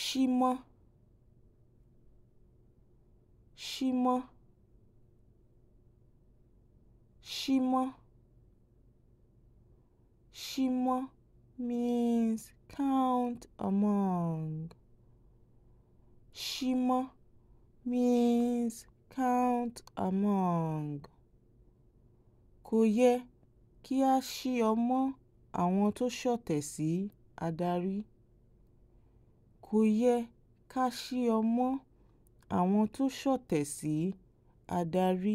ṣímọ́ ṣímọ́ ṣímọ́ ṣímọ́ means count among ṣímọ́ means count among kò yẹ kí a ṣí ọmọ àwọn tó ṣọ̀tẹ̀ sí adarí kò yẹ ká ṣí ọmọ àwọn tó ṣọ̀tẹ̀ sí adarí